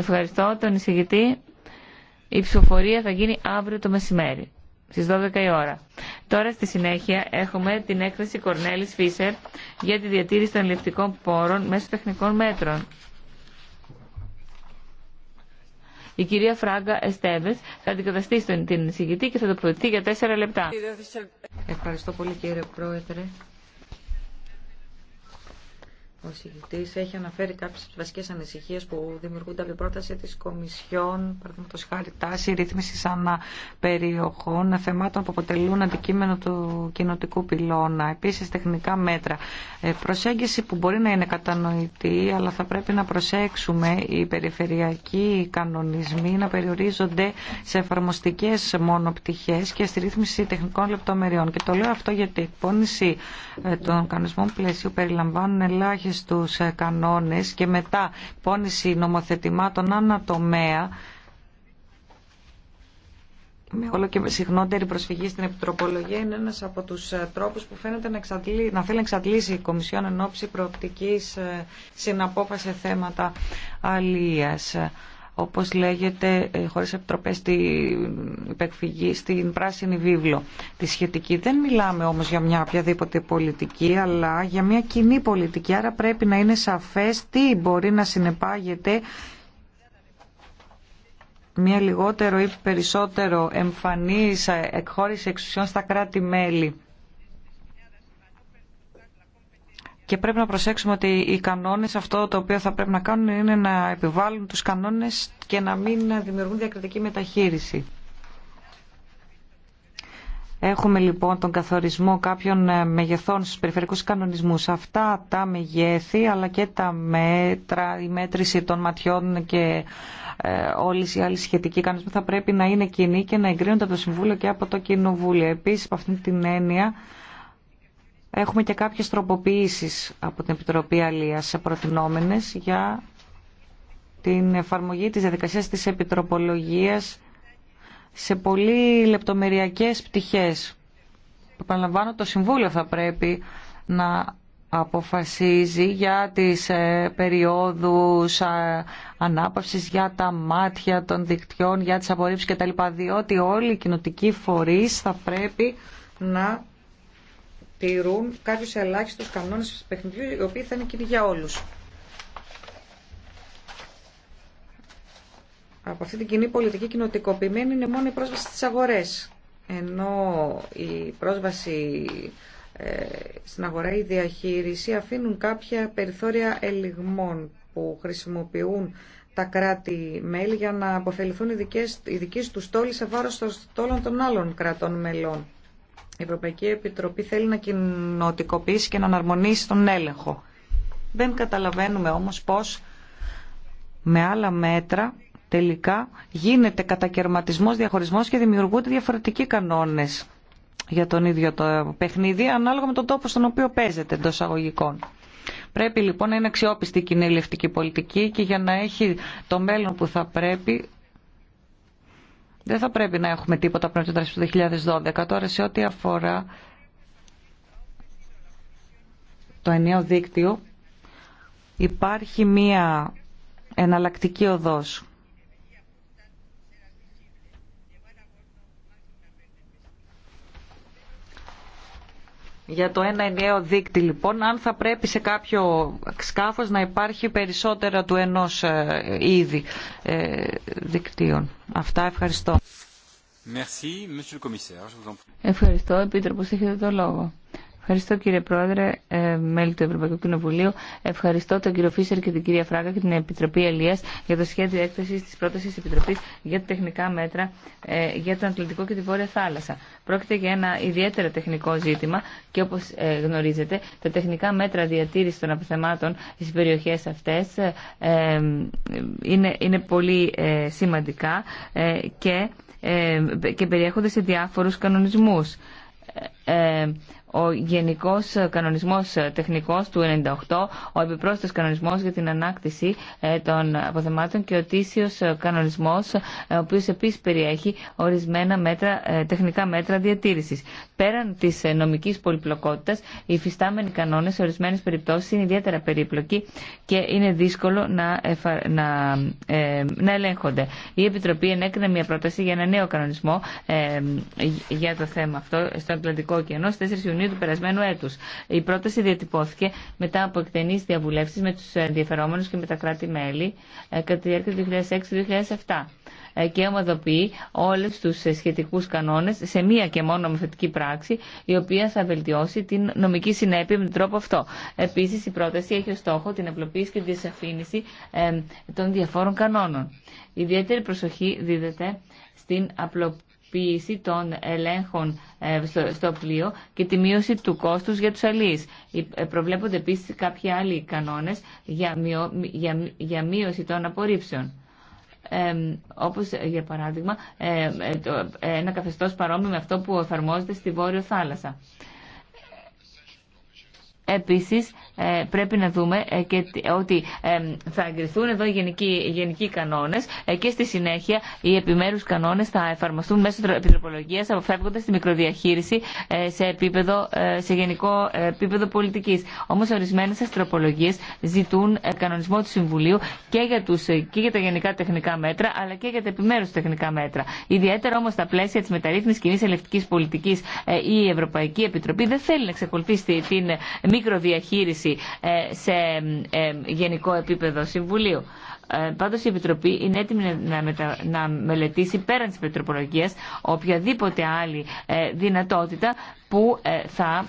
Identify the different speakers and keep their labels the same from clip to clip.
Speaker 1: Ευχαριστώ τον εισηγητή. Η ψηφοφορία θα γίνει αύριο το μεσημέρι, στις 12 η ώρα. Τώρα στη συνέχεια έχουμε την έκθεση Κορνέλης Φίσερ για τη διατήρηση των λεπτικών πόρων μέσω τεχνικών μέτρων. Η κυρία Φράγκα Εστέβε θα αντικαταστήσει τον την εισηγητή και θα το προτείνει για τέσσερα λεπτά. Ευχαριστώ πολύ κύριε Πρόεδρε.
Speaker 2: Ο συγκριτή έχει αναφέρει κάποιε βασικέ ανησυχίε που δημιουργούνται από την πρόταση τη Κομισιόν, παραδείγματο χάρη τάση ρυθμιση αναπεριοχών θεμάτων που αποτελούν αντικείμενο του κοινοτικού πυλώνα. επίση τεχνικά μέτρα. Ε, προσέγγιση που μπορεί να είναι κατανοητή, αλλά θα πρέπει να προσέξουμε οι περιφερειακοί κανονισμοί να περιορίζονται σε εφαρμοστικέ μόνο πτυχέ και στη ρύθμιση τεχνικών λεπτομεριών. Και το λέω αυτό γιατί η εκπώνηση ε, των κανονισμών πλαισίου περιλαμβάνουν ελάχιστα στους ε, κανόνες και μετά πόνηση νομοθετημάτων ανατομέα με όλο και με συχνότερη προσφυγή στην επιτροπολογία είναι ένας από τους ε, τρόπους που φαίνεται να, να θέλει να εξαντλήσει η Κομισιόν εν ώψη προοπτικής ε, συναπόφαση θέματα αλίας όπως λέγεται, ε, χωρίς επιτροπές στην υπεκφυγή, στην πράσινη βίβλο τη σχετική. Δεν μιλάμε όμως για μια οποιαδήποτε πολιτική, αλλά για μια κοινή πολιτική. Άρα πρέπει να είναι σαφές τι μπορεί να συνεπάγεται μια λιγότερο ή περισσότερο εμφανής ε, εκχώρηση εξουσιών στα κράτη-μέλη. Και πρέπει να προσέξουμε ότι οι κανόνες αυτό το οποίο θα πρέπει να κάνουν είναι να επιβάλλουν τους κανόνες και να μην δημιουργούν διακριτική μεταχείριση. Έχουμε λοιπόν τον καθορισμό κάποιων ε, μεγεθών στους περιφερικούς κανονισμούς. Αυτά τα μεγέθη αλλά και τα μέτρα, η μέτρηση των ματιών και ε, όλοι οι άλλοι σχετικοί κανονισμοί θα πρέπει να είναι κοινοί και να εγκρίνονται από το Συμβούλιο και από το Κοινοβούλιο. Επίσης, από αυτή την έννοια, Έχουμε και κάποιες τροποποιήσεις από την Επιτροπή Αλίας σε προτινόμενες για την εφαρμογή της διαδικασίας της επιτροπολογίας σε πολύ λεπτομεριακές πτυχές. Επαναλαμβάνω, το Συμβούλιο θα πρέπει να αποφασίζει για τις ε, περιόδους ε, ανάπαυσης, για τα μάτια των δικτυών, για τις απορρίψεις κτλ. Διότι όλοι οι κοινοτικοί φορείς θα πρέπει να τηρούν κάποιους ελάχιστους κανόνες παιχνιδιού, οι οποίοι θα είναι κοινοί για όλους. Από αυτή την κοινή πολιτική κοινοτικοποιημένη είναι μόνο η πρόσβαση στις αγορές. Ενώ η πρόσβαση ε, στην αγορά η διαχείριση αφήνουν κάποια περιθώρια ελιγμών που χρησιμοποιούν τα κράτη-μέλη για να αποφεληθούν οι δικές, οι δικές τους σε βάρος των στόλων των άλλων κρατών μελών. Η Ευρωπαϊκή Επιτροπή θέλει να κοινοτικοποιήσει και να αναρμονίσει τον έλεγχο. Δεν καταλαβαίνουμε όμως πώς με άλλα μέτρα τελικά γίνεται κατακαιρματισμός, διαχωρισμός και δημιουργούνται διαφορετικοί κανόνες για τον ίδιο το παιχνίδι ανάλογα με τον τόπο στον οποίο παίζεται εντό αγωγικών. Πρέπει λοιπόν να είναι αξιόπιστη η κοινή πολιτική και για να έχει το μέλλον που θα πρέπει δεν θα πρέπει να έχουμε τίποτα πριν από του 2012. Τώρα σε ό,τι αφορά το ενιαίο δίκτυο υπάρχει μία εναλλακτική οδός για το ένα ενιαίο δίκτυο, λοιπόν, αν θα πρέπει σε κάποιο σκάφος να υπάρχει περισσότερα του ενός ε, είδη ε, δικτύων. Αυτά, ευχαριστώ.
Speaker 3: Merci,
Speaker 1: Ευχαριστώ, Επίτροπος, έχετε το λόγο. Ευχαριστώ κύριε Πρόεδρε, ε, μέλη του Ευρωπαϊκού Κοινοβουλίου. Ευχαριστώ τον κύριο Φίσερ και την κυρία Φράγκα και την Επιτροπή Ελία για το σχέδιο έκθεση τη πρόταση τη Επιτροπή για τεχνικά μέτρα ε, για τον Ατλαντικό και τη Βόρεια Θάλασσα. Πρόκειται για ένα ιδιαίτερα τεχνικό ζήτημα και όπω ε, γνωρίζετε, τα τεχνικά μέτρα διατήρηση των αποθεμάτων στι περιοχέ αυτέ είναι, είναι πολύ σημαντικά και, και περιέχονται σε διάφορου κανονισμού ο γενικό ε, κανονισμό ε, τεχνικό του 1998, ο επιπρόσθετος κανονισμό για την ανάκτηση ε, των αποθεμάτων και ο τήσιος κανονισμός, ο οποίο επίση περιέχει ορισμένα μέτρα, τεχνικά μέτρα διατήρηση. Πέραν τη νομική πολυπλοκότητα, οι φυστάμενοι κανόνε σε ορισμένε περιπτώσει είναι ιδιαίτερα περίπλοκοι και είναι δύσκολο να, να... να ελέγχονται. Η Επιτροπή ενέκρινε μια πρόταση για ένα νέο κανονισμό για το θέμα αυτό στο Ατλαντικό Ωκεανό 4 Ιουνίου του περασμένου Η πρόταση διατυπώθηκε μετά από εκτενείς διαβουλεύσει με του ενδιαφερόμενου και με τα κράτη-μέλη ε, κατά τη διάρκεια του 2006-2007 ε, και ομοδοποιεί όλους τους ε, σχετικούς κανόνες σε μία και μόνο νομοθετική πράξη, η οποία θα βελτιώσει την νομική συνέπεια με τον τρόπο αυτό. Επίσης, η πρόταση έχει ως στόχο την απλοποίηση και τη διασαφήνιση των διαφόρων κανόνων. Ιδιαίτερη προσοχή δίδεται στην απλοποίηση ποιήση των ελέγχων ε, στο πλοίο και τη μείωση του κόστους για τους αλλοίς. Ε, προβλέπονται επίσης κάποιοι άλλοι κανόνες για μείωση των απορρίψεων. Ε, όπως για παράδειγμα ε, ένα καθεστώς παρόμοιο με αυτό που εφαρμόζεται στη Βόρειο Θάλασσα. Επίσης, ε, πρέπει να δούμε ε, και ότι ε, θα εγκριθούν εδώ οι γενικοί, γενικοί κανόνες και στη συνέχεια οι επιμέρους κανόνες θα εφαρμοστούν μέσω επιτροπολογίας αποφεύγοντας τη μικροδιαχείριση σε, επίπεδο, σε γενικό επίπεδο πολιτικής. Όμως ορισμένες αστροπολογίες ζητούν κανονισμό του Συμβουλίου και για, τους, και για τα γενικά τεχνικά μέτρα αλλά και για τα επιμέρους τεχνικά μέτρα. Ιδιαίτερα όμως στα πλαίσια της μεταρρύθμισης κοινή ελευτικής πολιτικής η Ευρωπαϊκή Επιτροπή δεν θέλει να εξακολουθήσει την μικροδιαχείριση ε, σε ε, γενικό επίπεδο Συμβουλίου. Ε, Πάντω η Επιτροπή είναι έτοιμη να, να μελετήσει πέραν τη Πετροπολογία οποιαδήποτε άλλη δυνατότητα που θα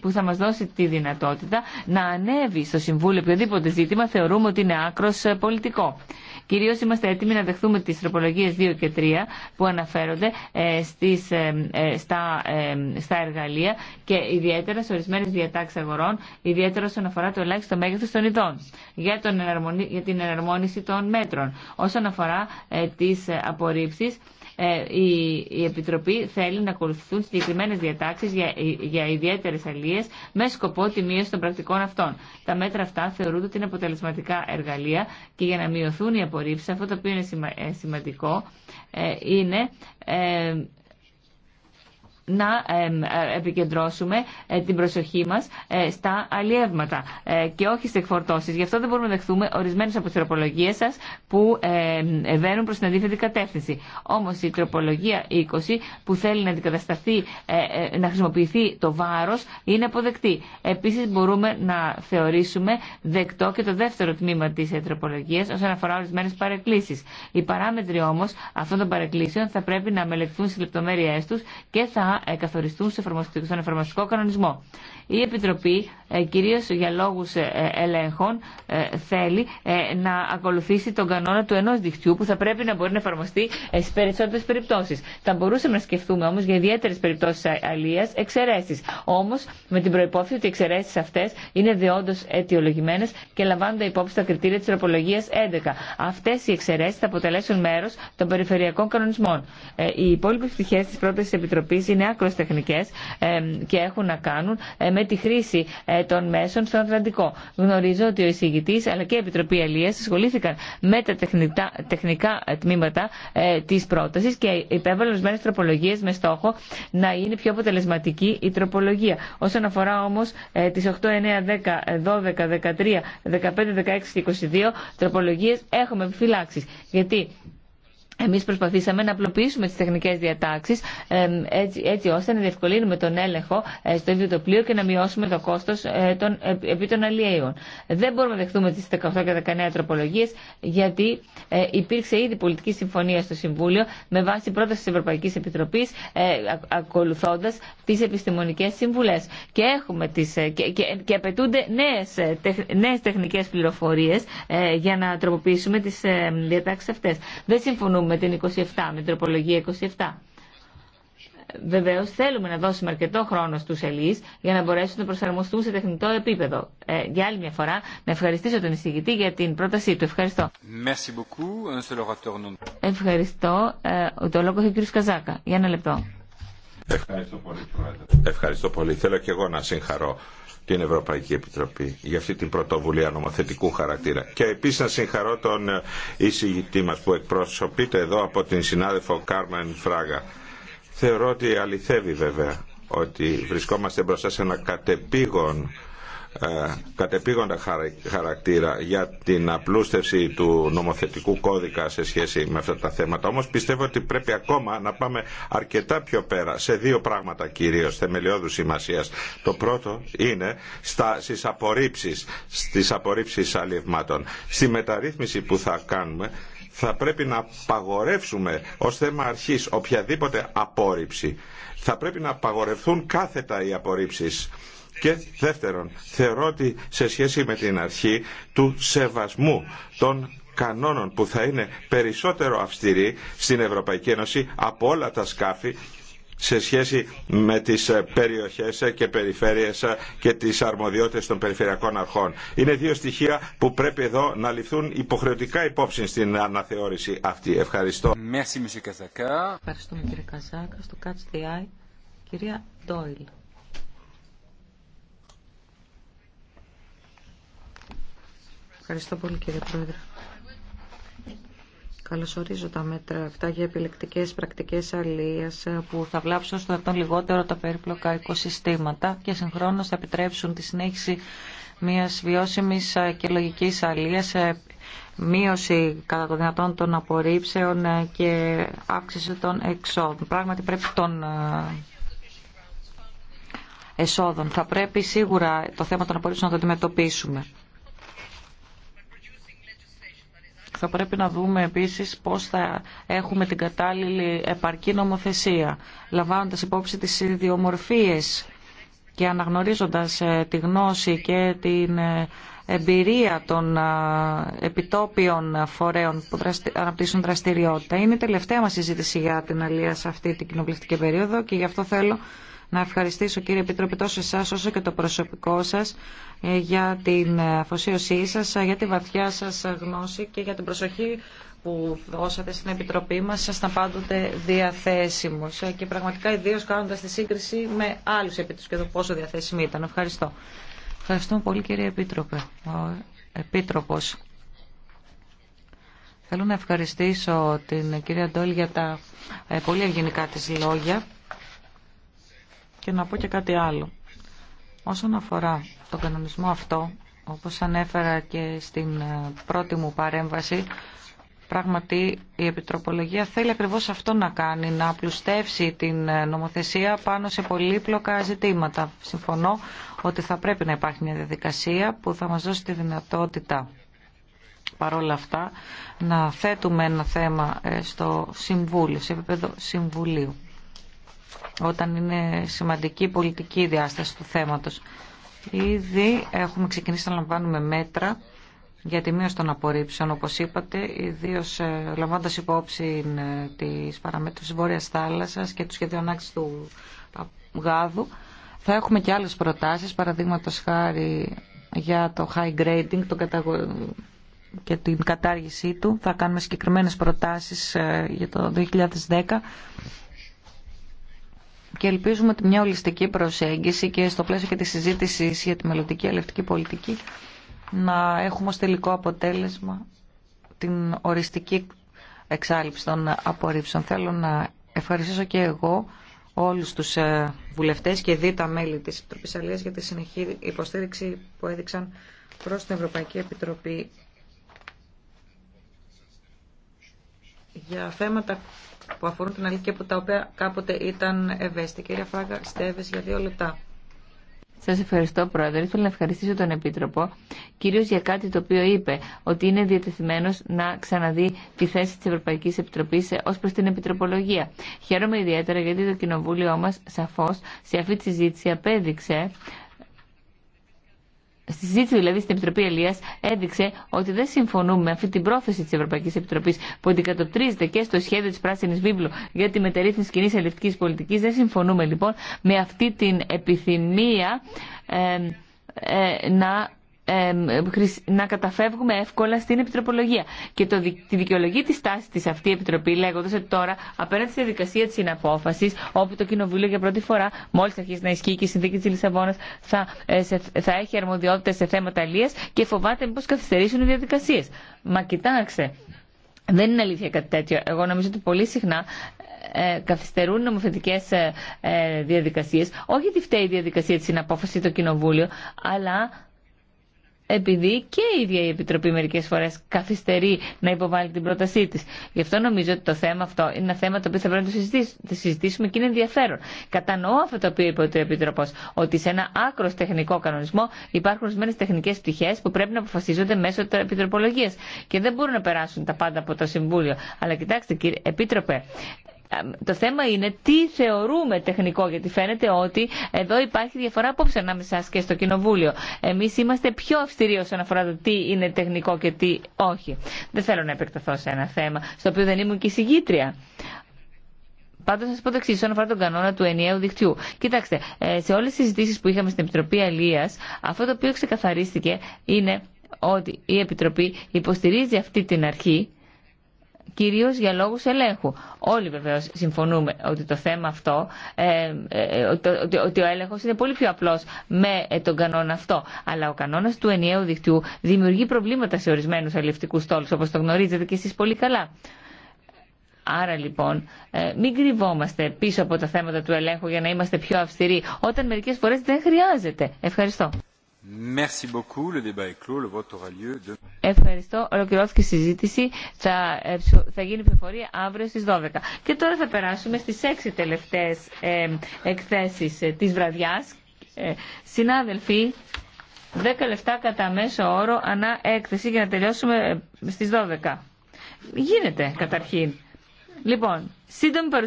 Speaker 1: που θα μας δώσει τη δυνατότητα να ανέβει στο Συμβούλιο οποιοδήποτε ζήτημα θεωρούμε ότι είναι άκρος πολιτικό. Κυρίω είμαστε έτοιμοι να δεχθούμε τι τροπολογίε 2 και 3 που αναφέρονται ε, στις, ε, ε, στα, στα εργαλεία και ιδιαίτερα σε ορισμένε διατάξει αγορών, ιδιαίτερα όσον αφορά το ελάχιστο μέγεθο των ειδών για, τον για την εναρμόνιση των μέτρων. Όσον αφορά τι απορρίψει, ε, η, Επιτροπή θέλει να ακολουθούν συγκεκριμένε διατάξει για, για ιδιαίτερε αλλίε με σκοπό τη μείωση των πρακτικών αυτών. Τα μέτρα αυτά θεωρούνται ότι είναι αποτελεσματικά εργαλεία και για να μειωθούν οι απορρίψει, αυτό το οποίο είναι ε, σημαντικό, ε, είναι να ε, επικεντρώσουμε ε, την προσοχή μας ε, στα αλλιεύματα και όχι στις εκφορτώσεις. Γι' αυτό δεν μπορούμε να δεχθούμε ορισμένες από τι τροπολογίε σας που βαίνουν προς την αντίθετη κατεύθυνση. Όμως η τροπολογία 20 που θέλει να αντικατασταθεί, να χρησιμοποιηθεί το βάρος είναι αποδεκτή. Επίσης μπορούμε να θεωρήσουμε δεκτό και το δεύτερο τμήμα της τροπολογίας όσον αφορά ορισμένες παρεκκλήσεις. Οι παράμετροι όμως αυτών των παρεκκλήσεων θα πρέπει να μελεχθούν στι λεπτομέρειε του και θα καθοριστούν στον εφαρμοστικό κανονισμό. Η Επιτροπή, ε, κυρίως για λόγους ε, ελέγχων, ε, θέλει να ακολουθήσει τον κανόνα του ενός δικτύου που θα πρέπει να μπορεί να εφαρμοστεί σε περισσότερες περιπτώσεις. Θα μπορούσαμε να σκεφτούμε όμως για ιδιαίτερες περιπτώσεις αλίας εξαιρέσεις. Όμως με την προϋπόθεση ότι οι εξαιρέσεις αυτές είναι διόντως αιτιολογημένες και λαμβάνονται υπόψη τα κριτήρια της τροπολογίας 11. Αυτές οι εξαιρεσει θα αποτελέσουν μέρος των περιφερειακών κανονισμών. Οι υπόλοιπε πτυχέ τη πρόταση επιτροπή είναι είναι άκρο τεχνικέ ε, και έχουν να κάνουν ε, με τη χρήση ε, των μέσων στον Ατλαντικό. Γνωρίζω ότι ο εισηγητή αλλά και η Επιτροπή Αλλία, ασχολήθηκαν με τα τεχνικά, τεχνικά τμήματα τη πρόταση και υπέβαλαν ορισμένε τροπολογίε με στόχο να είναι πιο αποτελεσματική η τροπολογία. Όσον αφορά όμω τι 8, 9, 10, 12, 13, 15, 16 και 22 τροπολογίε έχουμε επιφυλάξει. Γιατί εμείς προσπαθήσαμε να απλοποιήσουμε τις τεχνικές διατάξεις έτσι, έτσι ώστε να διευκολύνουμε τον έλεγχο ε, στο ίδιο το πλοίο και να μειώσουμε το κόστος ε, των, ε, επί των αλλιέων. Δεν μπορούμε να δεχτούμε τις 18 και 19 τροπολογίες γιατί υπήρξε ήδη πολιτική συμφωνία στο Συμβούλιο με βάση πρόταση της Ευρωπαϊκής Επιτροπής ακολουθώντας τις επιστημονικές συμβουλές. Και, έχουμε τις, και, και, και απαιτούνται νέες, τεχνικέ πληροφορίε τεχνικές πληροφορίες για να τροποποιήσουμε τις διατάξεις αυτές. Δεν συμφωνούμε με την 27, με την τροπολογία 27. Βεβαίω θέλουμε να δώσουμε αρκετό χρόνο στου Ελλεί για να μπορέσουν να προσαρμοστούν σε τεχνητό επίπεδο. Ε, για άλλη μια φορά, να ευχαριστήσω τον εισηγητή για την πρότασή του. Ευχαριστώ.
Speaker 3: Euh,
Speaker 1: Ευχαριστώ. Ε, το λόγο έχει ο κ. Καζάκα. Για ένα λεπτό.
Speaker 3: Ευχαριστώ πολύ, Θέλω και εγώ να συγχαρώ την Ευρωπαϊκή Επιτροπή για αυτή την πρωτοβουλία νομοθετικού χαρακτήρα. Και επίση να συγχαρώ τον εισηγητή μα που εκπροσωπείται εδώ από την συνάδελφο Κάρμεν Φράγα. Θεωρώ ότι αληθεύει βέβαια ότι βρισκόμαστε μπροστά σε ένα κατεπήγον ε, κατεπήγοντα χαρακτήρα για την απλούστευση του νομοθετικού κώδικα σε σχέση με αυτά τα θέματα. Όμως πιστεύω ότι πρέπει ακόμα να πάμε αρκετά πιο πέρα σε δύο πράγματα κυρίως θεμελιώδου σημασίας. Το πρώτο είναι στα, στις απορρίψεις, στις απορρίψεις αλλιευμάτων. Στη μεταρρύθμιση που θα κάνουμε θα πρέπει να απαγορεύσουμε ως θέμα αρχής οποιαδήποτε απόρριψη. Θα πρέπει να απαγορευθούν κάθετα οι απορρίψεις και δεύτερον, θεωρώ ότι σε σχέση με την αρχή του σεβασμού των κανόνων που θα είναι περισσότερο αυστηροί στην Ευρωπαϊκή Ένωση από όλα τα σκάφη σε σχέση με τις περιοχές και περιφέρειες και τις αρμοδιότητες των περιφερειακών αρχών. Είναι δύο στοιχεία που πρέπει εδώ να ληφθούν υποχρεωτικά υπόψη στην αναθεώρηση αυτή. Ευχαριστώ. κύριε
Speaker 2: Στο κυρία Ντόιλ. Ευχαριστώ πολύ κύριε Πρόεδρε. Καλωσορίζω τα μέτρα αυτά για επιλεκτικές πρακτικές αλίας ε, που θα βλάψουν στο δυνατόν λιγότερο τα περίπλοκα οικοσυστήματα και συγχρόνως θα επιτρέψουν τη συνέχιση μιας βιώσιμης ε, και λογικής αλίας ε, μείωση κατά το δυνατόν των απορρίψεων και αύξηση των εξόδων. Πράγματι πρέπει των εσόδων. Θα πρέπει σίγουρα το θέμα των απορρίψεων να το αντιμετωπίσουμε. Θα πρέπει να δούμε επίσης πώς θα έχουμε την κατάλληλη επαρκή νομοθεσία, λαμβάνοντα υπόψη τις ιδιομορφίες και αναγνωρίζοντας ε, τη γνώση και την ε, εμπειρία των ε, επιτόπιων φορέων που αναπτύσσουν δραστηριότητα. Είναι η τελευταία μας συζήτηση για την αλία σε αυτή την κοινοβουλευτική περίοδο και γι' αυτό θέλω να ευχαριστήσω κύριε Επίτροπε τόσο εσάς όσο και το προσωπικό σας ε, για την αφοσίωσή σας, ε, για τη βαθιά σας γνώση και για την προσοχή που δώσατε στην Επιτροπή μας ήσασταν πάντοτε διαθέσιμος ε, και πραγματικά ιδίω κάνοντας τη σύγκριση με άλλους επίτροπους και το πόσο διαθέσιμοι ήταν. Ευχαριστώ. Ευχαριστώ πολύ κύριε Επίτροπε. Ο Επίτροπος. Θέλω να ευχαριστήσω την κυρία Ντόλ για τα πολύ ευγενικά της λόγια. Και να πω και κάτι άλλο. Όσον αφορά τον κανονισμό αυτό, όπως ανέφερα και στην ε, πρώτη μου παρέμβαση, πράγματι η Επιτροπολογία θέλει ακριβώς αυτό να κάνει, να απλουστεύσει την ε, νομοθεσία πάνω σε πολύπλοκα ζητήματα. Συμφωνώ ότι θα πρέπει να υπάρχει μια διαδικασία που θα μας δώσει τη δυνατότητα παρόλα αυτά να θέτουμε ένα θέμα ε, στο Συμβούλιο, σε επίπεδο Συμβουλίου όταν είναι σημαντική η πολιτική διάσταση του θέματος. Ήδη έχουμε ξεκινήσει να λαμβάνουμε μέτρα για τη μείωση των απορρίψεων, όπως είπατε, ιδίως ε, λαμβάνοντας υπόψη ε, τις παραμέτρους της Βόρειας Θάλασσας και του σχεδίου του γάδου. Θα έχουμε και άλλες προτάσεις, παραδείγματο χάρη για το high grading και την κατάργησή του. Θα κάνουμε συγκεκριμένες προτάσεις ε, για το 2010 και ελπίζουμε ότι μια ολιστική προσέγγιση και στο πλαίσιο και τη συζήτηση για τη μελλοντική ελευτική πολιτική να έχουμε ως τελικό αποτέλεσμα την οριστική εξάλληψη των απορρίψεων. Θέλω να ευχαριστήσω και εγώ όλους τους ε, βουλευτές και δι' τα μέλη της Επιτροπής Αλίας για τη συνεχή υποστήριξη που έδειξαν προς την Ευρωπαϊκή Επιτροπή για θέματα που αφορούν την αλήθεια που τα οποία κάποτε ήταν ευαίσθητη. Κυρία Φράγκα, στέβες για δύο λεπτά.
Speaker 1: Σας ευχαριστώ Πρόεδρε. Θέλω να ευχαριστήσω τον Επίτροπο, κυρίως για κάτι το οποίο είπε, ότι είναι διατεθειμένος να ξαναδεί τη θέση της Ευρωπαϊκής Επιτροπής ως προς την Επιτροπολογία. Χαίρομαι ιδιαίτερα γιατί το Κοινοβούλιο μας σαφώς σε αυτή τη συζήτηση απέδειξε Στη συζήτηση δηλαδή στην Επιτροπή Ελία έδειξε ότι δεν συμφωνούμε με αυτή την πρόθεση τη Ευρωπαϊκή Επιτροπή που αντικατοπτρίζεται και στο σχέδιο τη Πράσινη Βίβλου για τη μεταρρύθμιση κοινή ελευθερική πολιτική. Δεν συμφωνούμε λοιπόν με αυτή την επιθυμία ε, ε, να να καταφεύγουμε εύκολα στην επιτροπολογία. Και το, τη δικαιολογία τη τάση τη αυτή η επιτροπή λέγοντα ότι τώρα απέναντι στη διαδικασία τη συναπόφαση, όπου το Κοινοβούλιο για πρώτη φορά, μόλι αρχίσει να ισχύει και η συνθήκη τη Λισαβόνα, θα, ε, θα έχει αρμοδιότητε σε θέματα αλλία και φοβάται μήπω καθυστερήσουν οι διαδικασίε. Μα κοιτάξτε, δεν είναι αλήθεια κάτι τέτοιο. Εγώ νομίζω ότι πολύ συχνά ε, καθυστερούν νομοθετικέ ε, ε διαδικασίε. Όχι ότι φταίει η διαδικασία τη συναπόφαση το Κοινοβούλιο, αλλά επειδή και η ίδια η Επιτροπή μερικέ φορέ καθυστερεί να υποβάλει την πρότασή τη. Γι' αυτό νομίζω ότι το θέμα αυτό είναι ένα θέμα το οποίο θα πρέπει να το συζητήσουμε και είναι ενδιαφέρον. Κατανοώ αυτό το οποίο είπε ο Επιτροπό, ότι σε ένα άκρο τεχνικό κανονισμό υπάρχουν ορισμένε τεχνικέ πτυχέ που πρέπει να αποφασίζονται μέσω επιτροπολογία και δεν μπορούν να περάσουν τα πάντα από το Συμβούλιο. Αλλά κοιτάξτε, κύριε Επίτροπε, το θέμα είναι τι θεωρούμε τεχνικό, γιατί φαίνεται ότι εδώ υπάρχει διαφορά απόψε ανάμεσα σας και στο Κοινοβούλιο. Εμεί είμαστε πιο αυστηροί όσον αφορά το τι είναι τεχνικό και τι όχι. Δεν θέλω να επεκταθώ σε ένα θέμα, στο οποίο δεν ήμουν και συγγήτρια. Πάντω, σα πω το εξή, όσον αφορά τον κανόνα του ενιαίου δικτύου. Κοιτάξτε, ε, σε όλε τι συζητήσει που είχαμε στην Επιτροπή Αλία, αυτό το οποίο ξεκαθαρίστηκε είναι ότι η Επιτροπή υποστηρίζει αυτή την αρχή κυρίω για λόγου ελέγχου. Όλοι βεβαίω συμφωνούμε ότι το θέμα αυτό, ε, ε ότι, ο έλεγχο είναι πολύ πιο απλό με ε, τον κανόνα αυτό. Αλλά ο κανόνα του ενιαίου δικτύου δημιουργεί προβλήματα σε ορισμένου αλληλευτικού τόλους, όπω το γνωρίζετε και εσεί πολύ καλά. Άρα λοιπόν, ε, μην κρυβόμαστε πίσω από τα θέματα του ελέγχου για να είμαστε πιο αυστηροί, όταν μερικέ φορέ δεν χρειάζεται. Ευχαριστώ. Ευχαριστώ. Ολοκληρώθηκε η συζήτηση. Θα, ε, θα γίνει πληροφορία αύριο στις 12. Και τώρα θα περάσουμε στις έξι τελευταίες ε, εκθέσεις ε, της βραδιάς. Ε, συνάδελφοι, 10 λεφτά κατά μέσο όρο ανά έκθεση για να τελειώσουμε ε, στις 12. Γίνεται καταρχήν. Λοιπόν, σύντομη